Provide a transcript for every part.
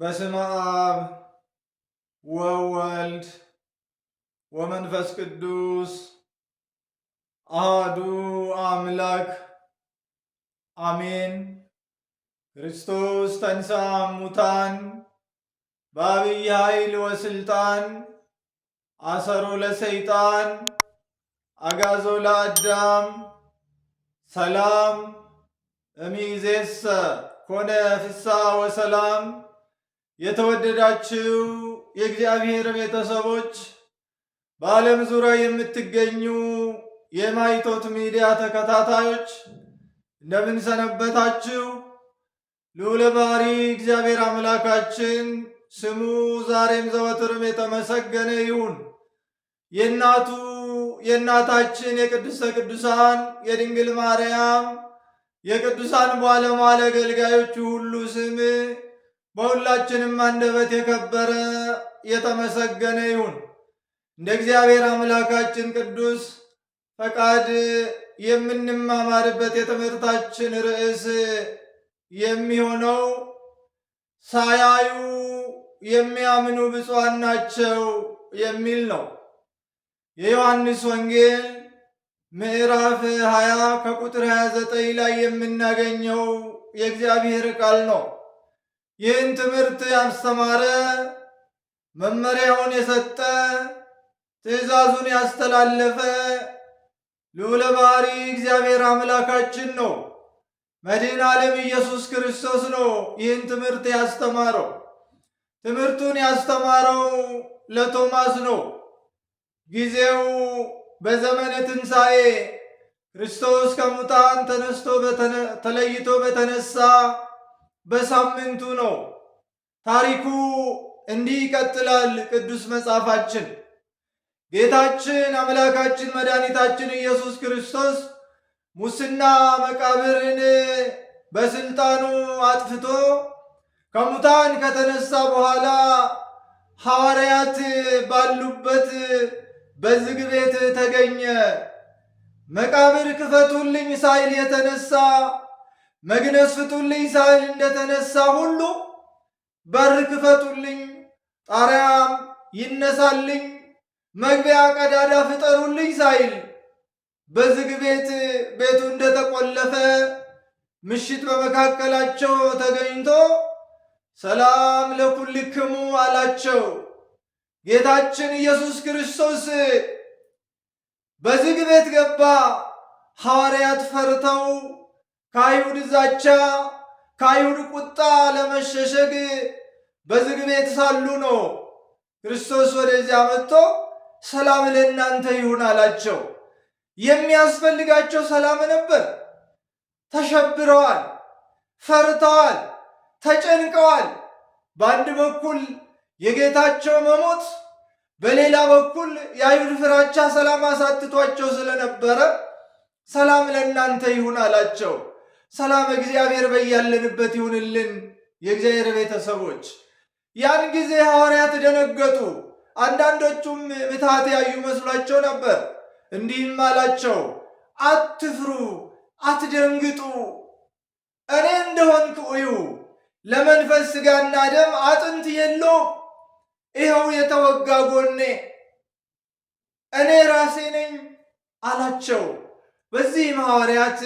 በስመ አብ ወወልድ ወመንፈስ ቅዱስ አህዱ አምላክ አሜን። ክርስቶስ ተንሥአ እሙታን በአብይ ኃይል ወስልጣን አሰሮ ለሰይጣን አጋዞ ለአዳም ሰላም እሚዜሰ ኮነ ፍስሐ ወሰላም የተወደዳችው የእግዚአብሔር ቤተሰቦች በዓለም ዙሪያ የምትገኙ የማይቶት ሚዲያ ተከታታዮች እንደምንሰነበታችው ልዑለ እግዚአብሔር አምላካችን ስሙ ዛሬም ዘወትርም የተመሰገነ ይሁን። የእናቱ የእናታችን የቅድስተ ቅዱሳን የድንግል ማርያም የቅዱሳን ባለሟል አገልጋዮቹ ሁሉ ስም በሁላችንም አንደበት የከበረ የተመሰገነ ይሁን። እንደ እግዚአብሔር አምላካችን ቅዱስ ፈቃድ የምንማማርበት የትምህርታችን ርዕስ የሚሆነው ሳያዩ የሚያምኑ ብፁዓን ናቸው የሚል ነው። የዮሐንስ ወንጌል ምዕራፍ 20 ከቁጥር 29 ላይ የምናገኘው የእግዚአብሔር ቃል ነው። ይህን ትምህርት ያስተማረ መመሪያውን የሰጠ ትእዛዙን ያስተላለፈ ልዑለ ባህሪ እግዚአብሔር አምላካችን ነው። መድኃኔ ዓለም ኢየሱስ ክርስቶስ ነው ይህን ትምህርት ያስተማረው። ትምህርቱን ያስተማረው ለቶማስ ነው። ጊዜው በዘመነ ትንሣኤ ክርስቶስ ከሙታን ተነስቶ ተለይቶ በተነሳ በሳምንቱ ነው። ታሪኩ እንዲህ ይቀጥላል። ቅዱስ መጽሐፋችን ጌታችን አምላካችን መድኃኒታችን ኢየሱስ ክርስቶስ ሙስና መቃብርን በስልጣኑ አጥፍቶ ከሙታን ከተነሳ በኋላ ሐዋርያት ባሉበት በዝግ ቤት ተገኘ። መቃብር ክፈቱልኝ ሳይል የተነሳ መግነዝ ፍቱልኝ ሳይል እንደተነሳ ሁሉ በር ክፈቱልኝ፣ ጣሪያም ይነሳልኝ፣ መግቢያ ቀዳዳ ፍጠሩልኝ ሳይል በዝግ ቤት ቤቱ እንደተቆለፈ ምሽት በመካከላቸው ተገኝቶ ሰላም ለኩልክሙ አላቸው። ጌታችን ኢየሱስ ክርስቶስ በዝግ ቤት ገባ። ሐዋርያት ፈርተው ከአይሁድ ዛቻ ከአይሁድ ቁጣ ለመሸሸግ በዝግ ቤት ሳሉ ነው ክርስቶስ ወደዚያ መጥቶ ሰላም ለእናንተ ይሁን አላቸው። የሚያስፈልጋቸው ሰላም ነበር። ተሸብረዋል፣ ፈርተዋል፣ ተጨንቀዋል። በአንድ በኩል የጌታቸው መሞት፣ በሌላ በኩል የአይሁድ ፍራቻ ሰላም አሳትቷቸው ስለነበረ ሰላም ለእናንተ ይሁን አላቸው። ሰላም እግዚአብሔር በያለንበት ይሁንልን። የእግዚአብሔር ቤተሰቦች ያን ጊዜ ሐዋርያት ደነገጡ። አንዳንዶቹም ምትሃት ያዩ መስሏቸው ነበር። እንዲህም አላቸው፣ አትፍሩ፣ አትደንግጡ። እኔ እንደሆንክ እዩ። ለመንፈስ ሥጋና ደም አጥንት የለው። ይኸው የተወጋ ጎኔ እኔ ራሴ ነኝ አላቸው። በዚህም ሐዋርያት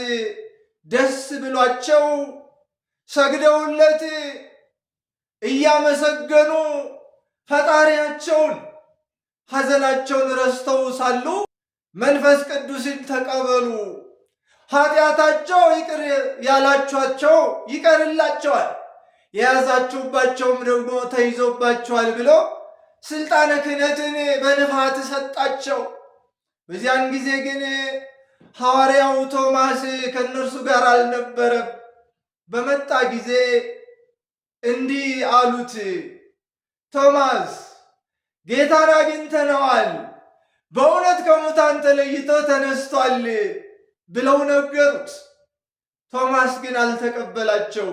ደስ ብሏቸው ሰግደውለት እያመሰገኑ ፈጣሪያቸውን ሐዘናቸውን ረስተው ሳሉ መንፈስ ቅዱስን ተቀበሉ። ኃጢአታቸው ይቅር ያላችኋቸው ይቀርላቸዋል፣ የያዛችሁባቸውም ደግሞ ተይዞባቸዋል ብሎ ስልጣነ ክህነትን በንፋት ሰጣቸው። በዚያን ጊዜ ግን ሐዋርያው ቶማስ ከእነርሱ ጋር አልነበረም። በመጣ ጊዜ እንዲህ አሉት፣ ቶማስ ጌታን አግኝተነዋል፣ በእውነት ከሙታን ተለይቶ ተነስቷል ብለው ነገሩት። ቶማስ ግን አልተቀበላቸው!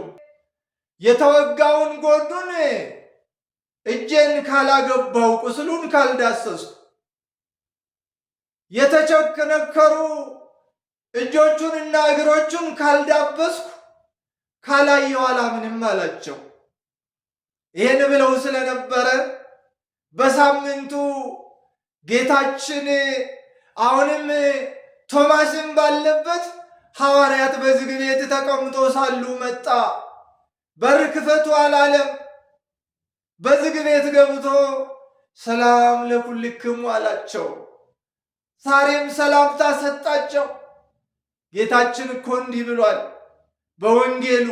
የተወጋውን ጎዱን እጄን ካላገባው ቁስሉን ካልዳሰስኩ የተቸነከሩ እጆቹን እና እግሮቹን ካልዳበስኩ ካላየው ምንም አላቸው። ይህን ብለው ስለነበረ በሳምንቱ ጌታችን አሁንም ቶማስን ባለበት ሐዋርያት በዝግ ቤት ተቀምጦ ሳሉ መጣ። በር ክፈቱ አላለም። በዝግ ቤት ገብቶ ሰላም ለኩልክሙ አላቸው። ዛሬም ሰላምታ ሰጣቸው። ጌታችን እኮ እንዲህ ብሏል በወንጌሉ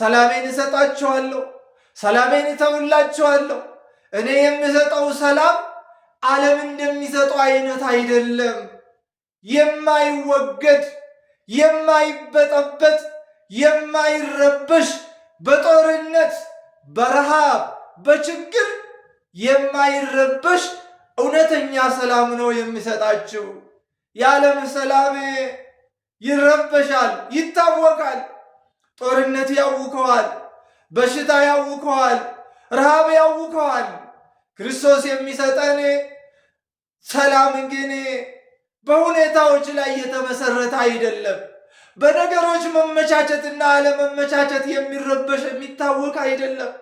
ሰላሜን እሰጣችኋለሁ፣ ሰላሜን እተውላችኋለሁ። እኔ የምሰጠው ሰላም ዓለም እንደሚሰጠው አይነት አይደለም። የማይወገድ የማይበጠበጥ የማይረበሽ በጦርነት በረሃብ በችግር የማይረበሽ እውነተኛ ሰላም ነው የሚሰጣችሁ። የዓለም ሰላም ይረበሻል፣ ይታወቃል። ጦርነት ያውከዋል፣ በሽታ ያውከዋል፣ ረሃብ ያውከዋል። ክርስቶስ የሚሰጠን ሰላም ግን በሁኔታዎች ላይ የተመሰረተ አይደለም። በነገሮች መመቻቸትና አለመመቻቸት የሚረበሽ የሚታወቅ አይደለም።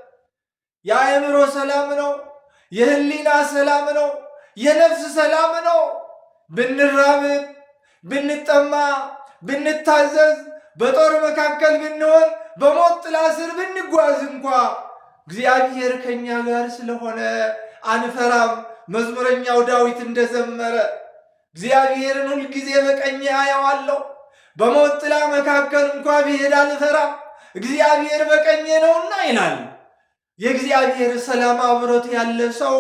የአእምሮ ሰላም ነው። የህሊና ሰላም ነው። የነፍስ ሰላም ነው። ብንራብ፣ ብንጠማ፣ ብንታዘዝ፣ በጦር መካከል ብንሆን፣ በሞት ጥላ ስር ብንጓዝ እንኳ እግዚአብሔር ከእኛ ጋር ስለሆነ አንፈራም። መዝሙረኛው ዳዊት እንደዘመረ እግዚአብሔርን ሁልጊዜ በቀኜ አየዋለሁ፣ በሞት ጥላ መካከል እንኳ ብሄድ አልፈራም፣ እግዚአብሔር በቀኜ ነውና ይላል። የእግዚአብሔር ሰላም አብሮት ያለ ሰው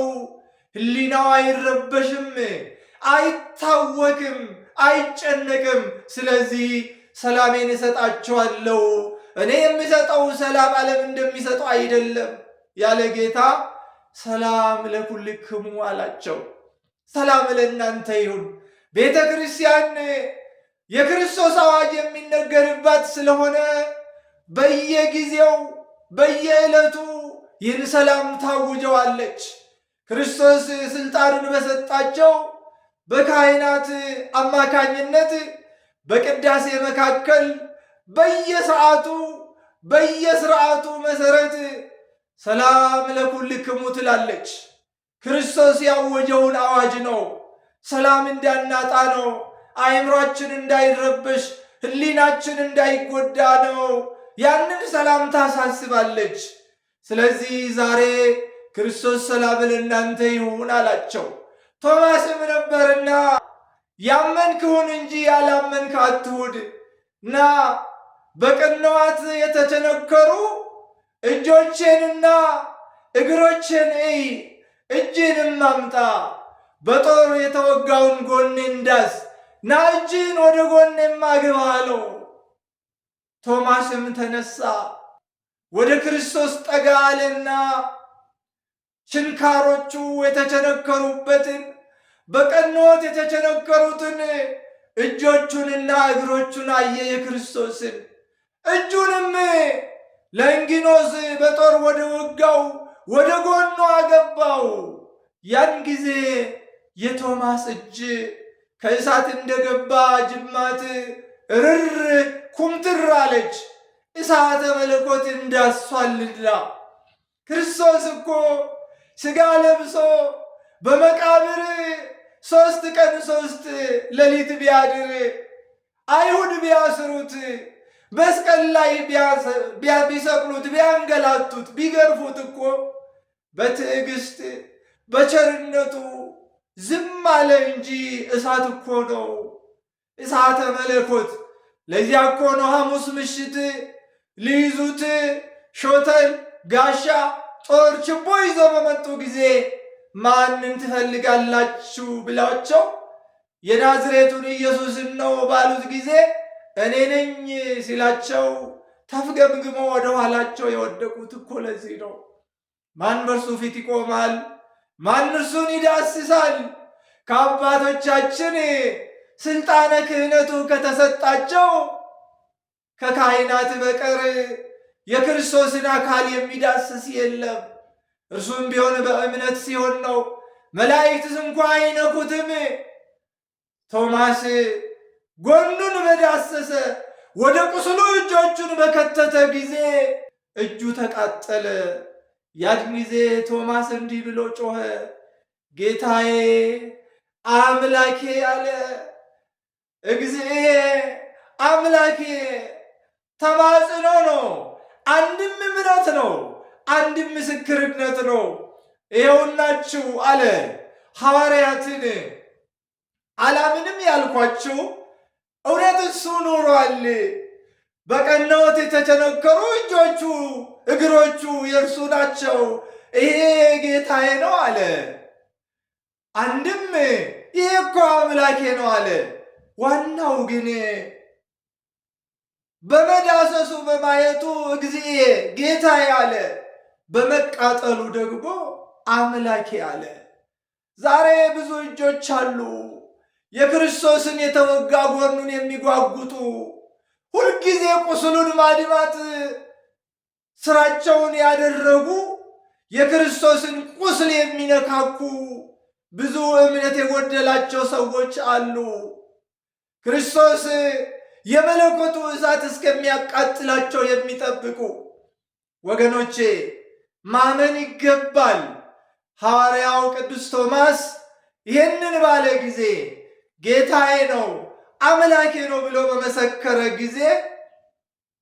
ህሊናው አይረበሽም፣ አይታወክም፣ አይጨነቅም። ስለዚህ ሰላሜን እሰጣችኋለሁ። እኔ የምሰጠው ሰላም ዓለም እንደሚሰጠው አይደለም ያለ ጌታ ሰላም ለኩልክሙ አላቸው። ሰላም ለእናንተ ይሁን። ቤተ ክርስቲያን የክርስቶስ አዋጅ የሚነገርባት ስለሆነ በየጊዜው በየዕለቱ ይህን ሰላም ታውጀዋለች። ክርስቶስ ስልጣኑን በሰጣቸው በካህናት አማካኝነት በቅዳሴ መካከል በየሰዓቱ በየስርዓቱ መሰረት ሰላም ለኩልክሙ ትላለች። ክርስቶስ ያወጀውን አዋጅ ነው። ሰላም እንዳናጣ ነው። አእምሯችን እንዳይረበሽ፣ ህሊናችን እንዳይጎዳ ነው። ያንን ሰላም ታሳስባለች። ስለዚህ ዛሬ ክርስቶስ ሰላም ለእናንተ ይሁን አላቸው። ቶማስም ነበርና ያመንክሁን እንጂ ያላመንክ አትሁድ እና በቅንዋት የተቸነከሩ እጆቼንና እግሮቼን እይ፣ እጅንም አምጣ፣ በጦር የተወጋውን ጎኔን ዳስ፣ ና እጅን ወደ ጎኔም አግባ አለው። ቶማስም ተነሳ ወደ ክርስቶስ ጠጋ አለና ችንካሮቹ የተቸነከሩበትን በቀኖት የተቸነከሩትን እጆቹንና እግሮቹን አየ የክርስቶስን እጁንም ለእንጊኖስ በጦር ወደ ወጋው ወደ ጎኑ አገባው። ያን ጊዜ የቶማስ እጅ ከእሳት እንደገባ ጅማት ርር ኩምትር አለች። እሳተ መለኮት እንዳሷልላ ክርስቶስ እኮ ስጋ ለብሶ በመቃብር ሶስት ቀን ሶስት ሌሊት ቢያድር አይሁድ ቢያስሩት መስቀል ላይ ቢሰቅሉት ቢያንገላቱት ቢገርፉት እኮ በትዕግስት በቸርነቱ ዝም አለ እንጂ እሳት እኮ ነው እሳተ መለኮት። ለዚያ እኮ ነው ሐሙስ ምሽት ሊይዙት ሾተል ጋሻ ጦር ችቦ ይዘው በመጡ ጊዜ ማንን ትፈልጋላችሁ ብላቸው የናዝሬቱን ኢየሱስን ነው ባሉት ጊዜ እኔ ነኝ ሲላቸው ተፍገምግሞ ወደ ኋላቸው የወደቁት እኮ ለዚህ ነው። ማን በእርሱ ፊት ይቆማል? ማን እርሱን ይዳስሳል? ከአባቶቻችን ስልጣነ ክህነቱ ከተሰጣቸው ከካህናት በቀር የክርስቶስን አካል የሚዳስስ የለም። እርሱም ቢሆን በእምነት ሲሆን ነው። መላእክትስ እንኳ አይነኩትም። ቶማስ ጎኑን በዳሰሰ ወደ ቁስሉ እጆቹን በከተተ ጊዜ እጁ ተቃጠለ። ያን ጊዜ ቶማስ እንዲህ ብሎ ጮኸ፣ ጌታዬ አምላኬ አለ። እግዚኤ አምላኬ ተማጽኖ ነው። አንድም እምነት ነው፣ አንድም ምስክርነት ነው። ይኸውላችሁ አለ ሐዋርያትን አላምንም ያልኳችሁ እውነት እሱ ኖሯል። በቀናወት የተቸነከሩ እጆቹ እግሮቹ የእርሱ ናቸው። ይሄ ጌታዬ ነው አለ። አንድም ይሄ እኮ አምላኬ ነው አለ። ዋናው ግን በመዳሰሱ በማየቱ እግዚእ ጌታ ያለ፣ በመቃጠሉ ደግሞ አምላኬ ያለ። ዛሬ ብዙ እጆች አሉ የክርስቶስን የተወጋ ጎኑን የሚጓጉጡ ሁልጊዜ ቁስሉን ማድማት ስራቸውን ያደረጉ የክርስቶስን ቁስል የሚነካኩ ብዙ እምነት የጎደላቸው ሰዎች አሉ። ክርስቶስ የመለኮቱ እሳት እስከሚያቃጥላቸው የሚጠብቁ ወገኖቼ ማመን ይገባል። ሐዋርያው ቅዱስ ቶማስ ይህንን ባለ ጊዜ ጌታዬ ነው አምላኬ ነው ብሎ በመሰከረ ጊዜ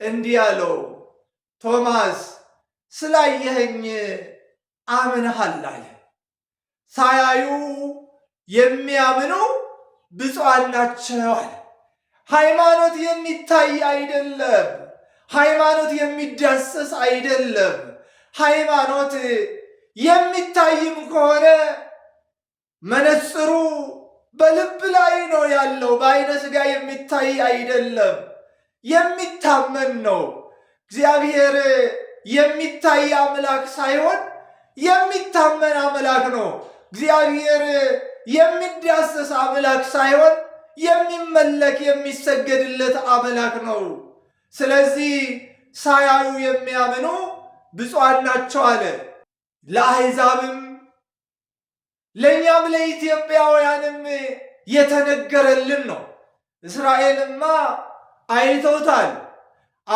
እንዲህ አለው፣ ቶማስ ስላየኸኝ አምንሃል አለ። ሳያዩ የሚያምኑ ብፁዓን ናቸው አለ። ሃይማኖት የሚታይ አይደለም። ሃይማኖት የሚዳሰስ አይደለም። ሃይማኖት የሚታይም ከሆነ መነጽሩ በልብ ላይ ነው ያለው፣ በአይነ ስጋ የሚታይ አይደለም። የሚታመን ነው። እግዚአብሔር የሚታይ አምላክ ሳይሆን የሚታመን አምላክ ነው። እግዚአብሔር የሚዳሰስ አምላክ ሳይሆን የሚመለክ የሚሰገድለት አምላክ ነው። ስለዚህ ሳያዩ የሚያምኑ ብፁዓን ናቸው አለ። ለአሕዛብም ለእኛም ለኢትዮጵያውያንም የተነገረልን ነው። እስራኤልማ አይተውታል፣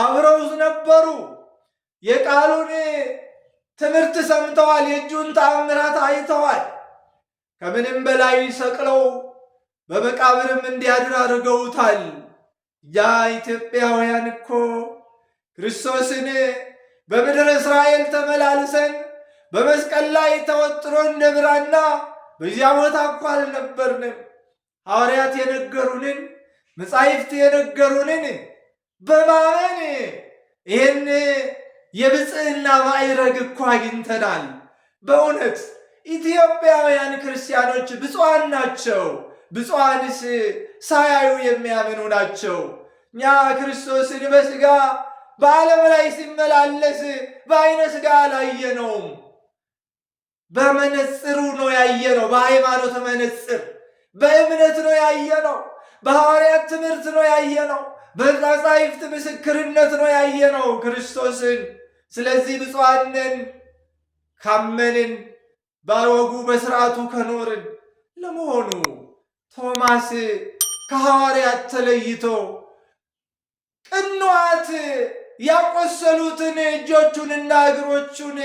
አብረው ነበሩ፣ የቃሉን ትምህርት ሰምተዋል፣ የእጁን ተአምራት አይተዋል። ከምንም በላይ ሰቅለው በመቃብርም እንዲያድር አድርገውታል። ያ ኢትዮጵያውያን እኮ ክርስቶስን በምድር እስራኤል ተመላልሰን በመስቀል ላይ ተወጥሮ እንደ ብራና በዚያ ቦታ እኳ አልነበርንም። ሐዋርያት የነገሩንን መጻሕፍት የነገሩንን በማመን ይህን የብፅዕና ማዕረግ እኮ አግኝተናል። በእውነት ኢትዮጵያውያን ክርስቲያኖች ብፁዓን ናቸው። ብፁዓንስ ሳያዩ የሚያምኑ ናቸው። እኛ ክርስቶስን በስጋ በዓለም ላይ ሲመላለስ በአይነ ስጋ አላየነውም። በመነጽሩ ነው ያየነው። በሃይማኖት መነጽር፣ በእምነት ነው ያየነው። በሐዋርያት ትምህርት ነው ያየነው። በመጻሕፍት ምስክርነት ነው ያየነው ክርስቶስን። ስለዚህ ብፁዓን ካመንን፣ በወጉ በስርዓቱ ከኖርን ለመሆኑ ቶማስ ከሐዋርያት ተለይቶ ቅንዋት ያቆሰሉትን እጆቹንና እግሮቹን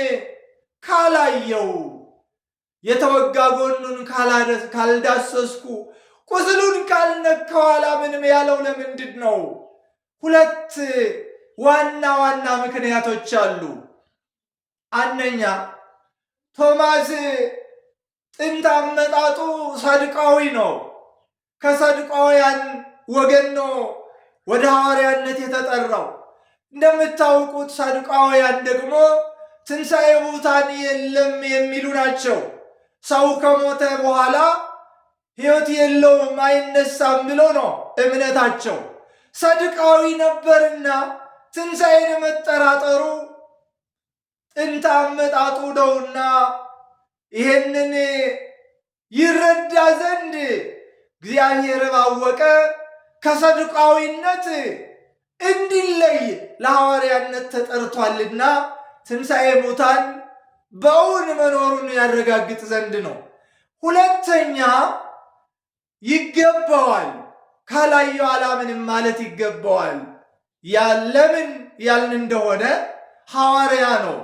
ካላየው የተወጋ ጎኑን ካልዳሰስኩ ቁስሉን ካልነካው አላምንም ያለው ለምንድን ነው? ሁለት ዋና ዋና ምክንያቶች አሉ። አንደኛ ቶማስ ጥንት አመጣጡ ሰድቃዊ ነው። ከሳድቃውያን ወገን ነው ወደ ሐዋርያነት የተጠራው። እንደምታውቁት ሳድቃውያን ደግሞ ትንሣኤ ሙታን የለም የሚሉ ናቸው። ሰው ከሞተ በኋላ ሕይወት የለውም አይነሳም ብሎ ነው እምነታቸው። ሰድቃዊ ነበርና ትንሣኤን መጠራጠሩ ጥንት አመጣጡ ነውና ይረዳ ዘንድ እግዚአብሔር ባወቀ ከሰዱቃዊነት እንዲለይ ለሐዋርያነት ተጠርቷልና ትንሣኤ ሙታን በእውን መኖሩን ያረጋግጥ ዘንድ ነው። ሁለተኛ ይገባዋል። ካላየው አላምንም ማለት ይገባዋል። ያለምን ያልን እንደሆነ ሐዋርያ ነው።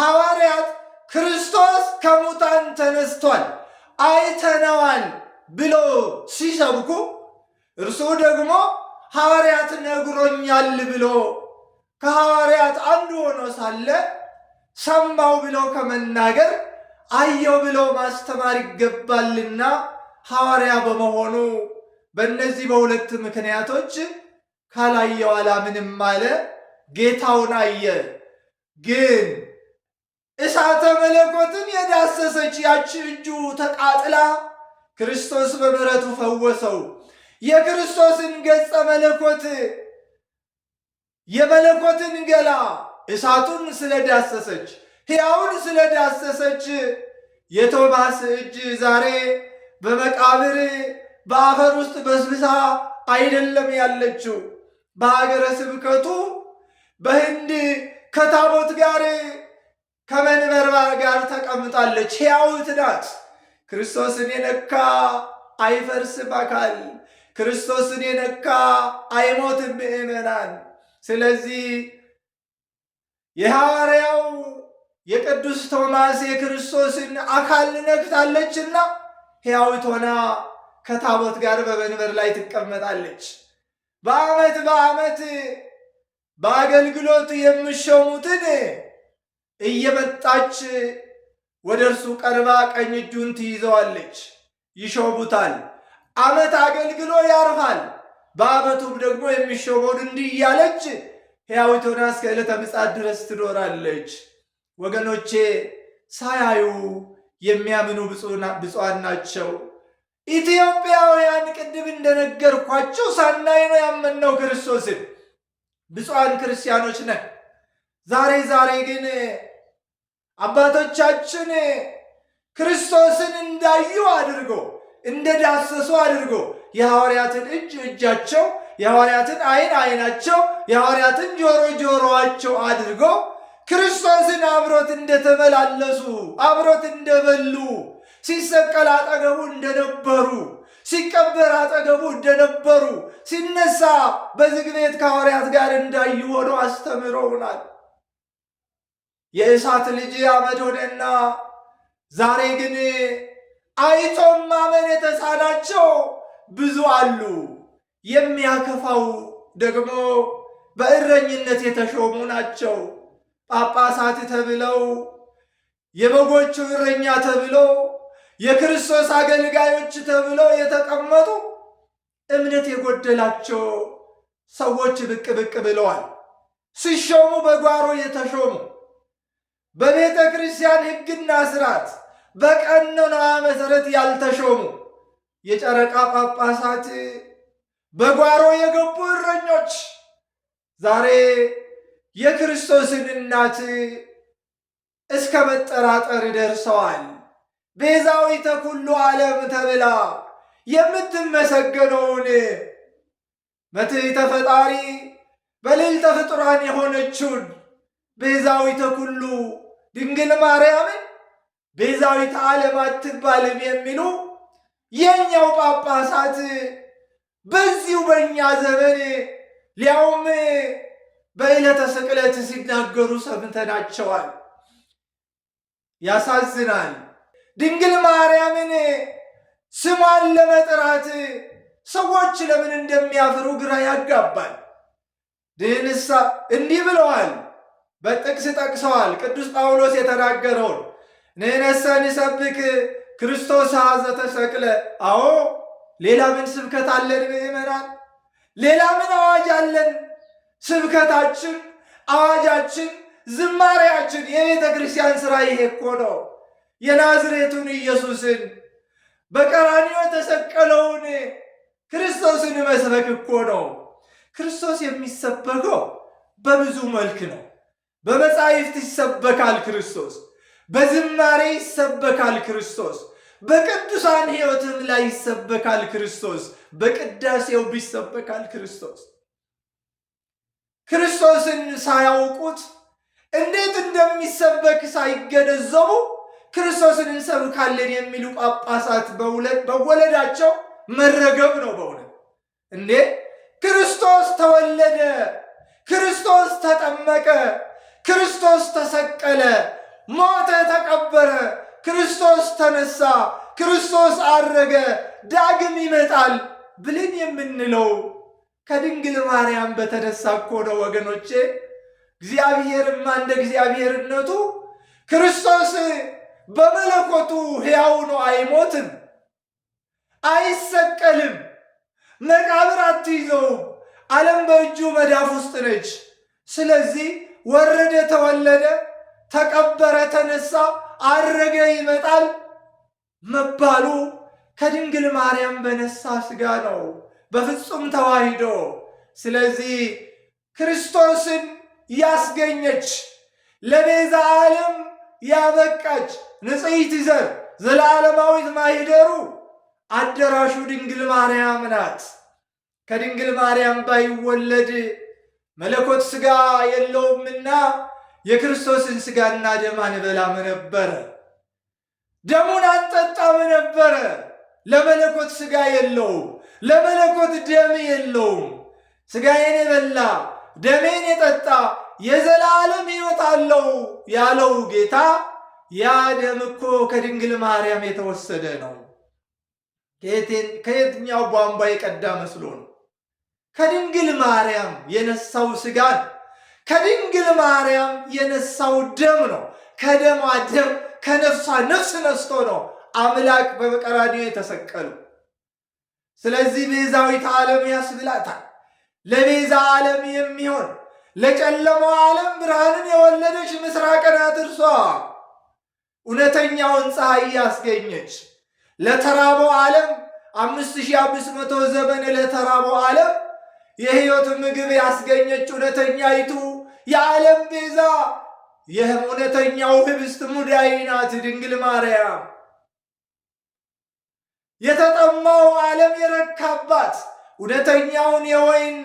ሐዋርያት ክርስቶስ ከሙታን ተነስቷል፣ አይተነዋል ብሎ ሲሰብኩ እርሱ ደግሞ ሐዋርያት ነግሮኛል ብሎ ከሐዋርያት አንዱ ሆኖ ሳለ ሰማው ብሎ ከመናገር አየው ብሎ ማስተማር ይገባልና ሐዋርያ በመሆኑ በእነዚህ በሁለት ምክንያቶች ካላየው አላምንም አለ። ጌታውን አየ። ግን እሳተ መለኮትን የዳሰሰች ያቺ እጁ ተቃጥላ ክርስቶስ በምሕረቱ ፈወሰው። የክርስቶስን ገጸ መለኮት የመለኮትን ገላ እሳቱን ስለዳሰሰች ሕያውን ስለዳሰሰች የቶማስ እጅ ዛሬ በመቃብር በአፈር ውስጥ በስብሳ አይደለም ያለችው። በሀገረ ስብከቱ በህንድ ከታቦት ጋር ከመንበርባ ጋር ተቀምጣለች። ሕያውት ናት። ክርስቶስን የነካ አይፈርስም አካል፣ ክርስቶስን የነካ አይሞትም ምእመናን ስለዚህ የሐዋርያው የቅዱስ ቶማስ የክርስቶስን አካል ነክታለችና ሕያዊት ሆና ከታቦት ጋር በመንበር ላይ ትቀመጣለች። በዓመት በዓመት በአገልግሎት የምሸሙትን እየመጣች ወደ እርሱ ቀርባ ቀኝ እጁን ትይዘዋለች፣ ይሾሙታል። ዓመት አገልግሎ ያርፋል። በዓመቱም ደግሞ የሚሾመውን እንዲህ እያለች ሕያዊት ሆና እስከ ዕለተ ምጽአት ድረስ ትኖራለች። ወገኖቼ ሳያዩ የሚያምኑ ብፁዓን ናቸው። ኢትዮጵያውያን ቅድም እንደነገርኳቸው ሳናይ ነው ያመንነው ክርስቶስን። ብፁዓን ክርስቲያኖች ነን። ዛሬ ዛሬ ግን አባቶቻችን ክርስቶስን እንዳዩ አድርጎ እንደ ዳሰሱ አድርጎ የሐዋርያትን እጅ እጃቸው፣ የሐዋርያትን ዓይን ዓይናቸው፣ የሐዋርያትን ጆሮ ጆሮአቸው አድርጎ ክርስቶስን አብሮት እንደተመላለሱ አብሮት እንደበሉ ሲሰቀል አጠገቡ እንደነበሩ ሲቀበር አጠገቡ እንደነበሩ ሲነሳ በዝግ ቤት ከሐዋርያት ጋር እንዳዩ ሆኖ አስተምረውናል። የእሳት ልጅ አመድ ሆነና ዛሬ ግን አይጾም ማመን የተሳናቸው ብዙ አሉ። የሚያከፋው ደግሞ በእረኝነት የተሾሙ ናቸው። ጳጳሳት ተብለው የበጎቹ እረኛ ተብለው የክርስቶስ አገልጋዮች ተብለው የተቀመጡ እምነት የጎደላቸው ሰዎች ብቅ ብቅ ብለዋል። ሲሾሙ በጓሮ የተሾሙ በቤተ ክርስቲያን ሕግና ስርዓት በቀኖና መሰረት ያልተሾሙ የጨረቃ ጳጳሳት፣ በጓሮ የገቡ እረኞች ዛሬ የክርስቶስን እናት እስከ መጠራጠር ደርሰዋል። ቤዛዊተ ኩሉ ዓለም ተብላ የምትመሰገነውን መትሕተ ፈጣሪ በልዕልተ ፍጡራን የሆነችውን ቤዛዊተ ኩሉ ድንግል ማርያምን ቤዛዊት ዓለም አትባልም የሚሉ የኛው ጳጳሳት በዚሁ በእኛ ዘመን ሊያውም በዕለተ ስቅለት ሲናገሩ ሰምተናቸዋል። ያሳዝናል። ድንግል ማርያምን ስሟን ለመጥራት ሰዎች ለምን እንደሚያፍሩ ግራ ያጋባል። ድንሳ እንዲህ ብለዋል። በጥቅስ ጠቅሰዋል። ቅዱስ ጳውሎስ የተናገረውን ንሕነሰ ሰብክ ክርስቶስ ተሰቅለ። አዎ ሌላ ምን ስብከት አለን ምዕመናን? ሌላ ምን አዋጅ አለን? ስብከታችን፣ አዋጃችን፣ ዝማሬያችን የቤተ ክርስቲያን ሥራ ይሄ እኮ ነው። የናዝሬቱን ኢየሱስን በቀራንዮ የተሰቀለውን ክርስቶስን መስበክ እኮ ነው። ክርስቶስ የሚሰበከው በብዙ መልክ ነው። በመጻሕፍት ይሰበካል ክርስቶስ፣ በዝማሬ ይሰበካል ክርስቶስ፣ በቅዱሳን ሕይወትም ላይ ይሰበካል ክርስቶስ፣ በቅዳሴው ይሰበካል ክርስቶስ። ክርስቶስን ሳያውቁት እንዴት እንደሚሰበክ ሳይገነዘቡ ክርስቶስን እንሰብካለን የሚሉ ጳጳሳት በወለዳቸው መረገብ ነው። በእውነት እንዴ! ክርስቶስ ተወለደ፣ ክርስቶስ ተጠመቀ ክርስቶስ ተሰቀለ፣ ሞተ፣ ተቀበረ፣ ክርስቶስ ተነሳ፣ ክርስቶስ አረገ፣ ዳግም ይመጣል ብለን የምንለው ከድንግል ማርያም በተነሳ እኮ ነው ወገኖቼ። እግዚአብሔርማ እንደ እግዚአብሔርነቱ ክርስቶስ በመለኮቱ ሕያው ነው። አይሞትም፣ አይሰቀልም፣ መቃብር አትይዘውም። ዓለም በእጁ መዳፍ ውስጥ ነች። ስለዚህ ወረደ፣ ተወለደ፣ ተቀበረ፣ ተነሳ፣ አረገ፣ ይመጣል መባሉ ከድንግል ማርያም በነሳ ስጋ ነው በፍጹም ተዋሂዶ። ስለዚህ ክርስቶስን ያስገኘች ለቤዛ ዓለም ያበቃች ንጽሕት ይዘር ዘለዓለማዊት ማሂደሩ አዳራሹ ድንግል ማርያም ናት። ከድንግል ማርያም ባይወለድ መለኮት ሥጋ የለውምና የክርስቶስን ሥጋና ደም አንበላም ነበረ፣ ደሙን አንጠጣም ነበረ። ለመለኮት ሥጋ የለውም፣ ለመለኮት ደም የለውም። ሥጋዬን የበላ ደሜን የጠጣ የዘላለም ሕይወት አለው ያለው ጌታ ያ ደም እኮ ከድንግል ማርያም የተወሰደ ነው። ከየትኛው ቧንቧ የቀዳ መስሎ ነው? ከድንግል ማርያም የነሳው ስጋ ነው። ከድንግል ማርያም የነሳው ደም ነው። ከደሟ ደም ከነፍሷ ነፍስ ነስቶ ነው አምላክ በቀራንዮ የተሰቀሉ። ስለዚህ ቤዛዊት ዓለም ያስብላታል። ለቤዛ ዓለም የሚሆን ለጨለማው ዓለም ብርሃንን የወለደች ምስራቅ ናት እርሷ። እውነተኛውን ፀሐይ ያስገኘች ለተራበው ዓለም አምስት ሺህ አምስት መቶ ዘመን ለተራበው ዓለም የሕይወት ምግብ ያስገኘች እውነተኛይቱ የዓለም ቤዛ ይህም እውነተኛው ህብስት ሙዳይ ናት ድንግል ማርያም። የተጠማው ዓለም የረካባት እውነተኛውን የወይን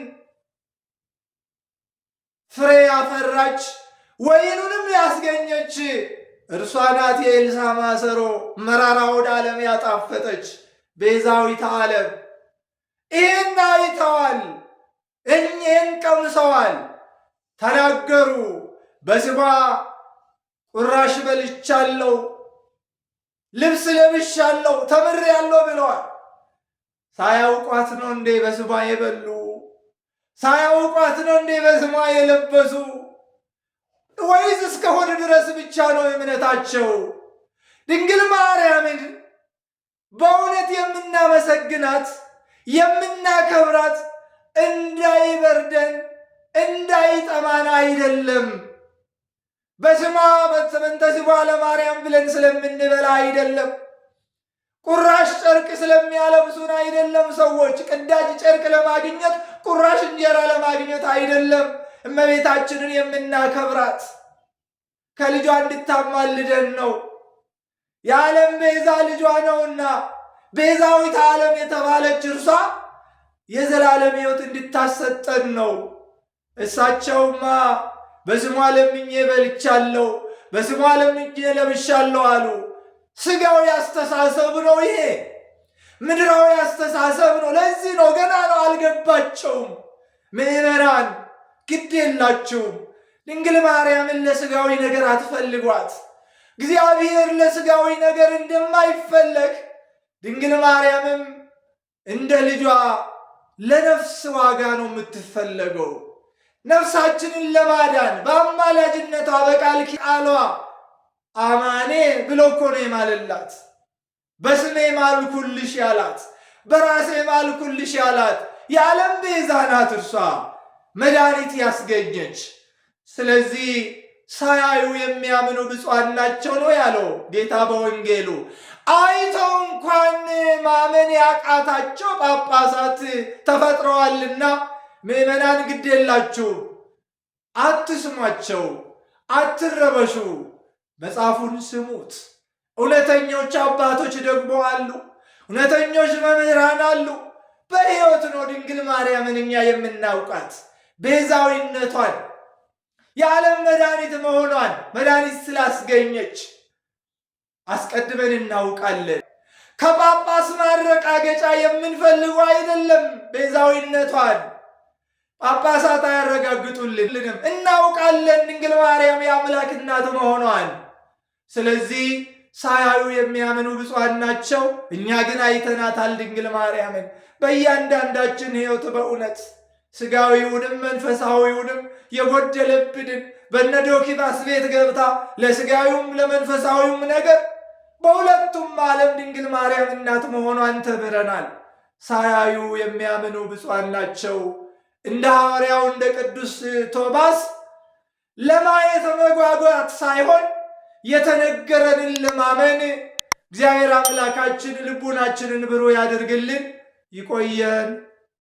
ፍሬ ያፈራች ወይኑንም ያስገኘች እርሷ ናት የኤልሳ ማሰሮ መራራ ወደ ዓለም ያጣፈጠች ቤዛዊት ዓለም ይህን አይተዋል። እኚህን ቀምሰዋል፣ ተናገሩ። በስሟ ቁራሽ በልቻለሁ፣ ልብስ ለብሻለሁ፣ ተምሬያለሁ ብለዋል። ሳያውቋት ነው እንዴ በስባ የበሉ? ሳያውቋት ነው እንዴ በስማ የለበሱ? ወይስ እስከሆነ ድረስ ብቻ ነው እምነታቸው? ድንግል ማርያምን በእውነት የምናመሰግናት የምናከብራት እንዳይበርደን እንዳይጠማን አይደለም። በስሟ በንተ ስሟ ለማርያም ብለን ስለምንበላ አይደለም። ቁራሽ ጨርቅ ስለሚያለብሱን አይደለም። ሰዎች ቅዳጅ ጨርቅ ለማግኘት ቁራሽ እንጀራ ለማግኘት አይደለም። እመቤታችንን የምናከብራት ከልጇ እንድታማልደን ነው። የዓለም ቤዛ ልጇ ነውና ቤዛዊት ዓለም የተባለች እርሷ የዘላለም ሕይወት እንድታሰጠን ነው። እሳቸውማ በስሟ ለምኜ በልቻለሁ፣ በስሟ ለምኜ ለብሻለሁ አሉ። ስጋዊ አስተሳሰብ ነው ይሄ፣ ምድራዊ አስተሳሰብ ነው። ለዚህ ነው ገና ነው አልገባቸውም። ምዕመናን ግድ የላችሁም። ድንግል ማርያምን ለስጋዊ ነገር አትፈልጓት። እግዚአብሔር ለስጋዊ ነገር እንደማይፈለግ ድንግል ማርያምም እንደ ልጇ ለነፍስ ዋጋ ነው የምትፈለገው። ነፍሳችንን ለማዳን በአማላጅነቷ በቃል ኪዳኗ አማኔ ብሎ እኮ ነው የማለላት። በስሜ ማልኩልሽ ያላት፣ በራሴ ማልኩልሽ ያላት። የዓለም ቤዛ ናት እርሷ መድኃኒት ያስገኘች። ስለዚህ ሳያዩ የሚያምኑ ብፁዓን ናቸው ነው ያለው ጌታ በወንጌሉ። አይቶ እንኳን ማመን ያቃታቸው ጳጳሳት ተፈጥረዋልና ምዕመናን ግድ የላችሁ፣ አትስሟቸው፣ አትረበሹ፣ መጽሐፉን ስሙት። እውነተኞች አባቶች ደግሞ አሉ፣ እውነተኞች መምህራን አሉ። በሕይወት ነው ድንግል ማርያምን እኛ የምናውቃት ቤዛዊነቷን፣ የዓለም መድኃኒት መሆኗን መድኃኒት ስላስገኘች አስቀድመን እናውቃለን። ከጳጳስ ማረቃገጫ የምንፈልገው አይደለም ቤዛዊነቷን ጳጳሳት አያረጋግጡልንም። እናውቃለን ድንግል ማርያም የአምላክ እናት መሆኗን። ስለዚህ ሳያዩ የሚያምኑ ብፁዓን ናቸው። እኛ ግን አይተናታል ድንግል ማርያምን በእያንዳንዳችን ሕይወት በእውነት ስጋዊውንም መንፈሳዊውንም የጎደለብንን በነ ቤት ገብታ ለስጋዊውም ለመንፈሳዊውም ነገር በሁለቱም ዓለም ድንግል ማርያም እናት መሆኗን ተምረናል። ሳያዩ የሚያምኑ ብፁዓን ናቸው። እንደ ሐዋርያው እንደ ቅዱስ ቶባስ ለማየት መጓጓት ሳይሆን የተነገረንን ለማመን እግዚአብሔር አምላካችን ልቡናችንን ብሩህ ያደርግልን። ይቆየን።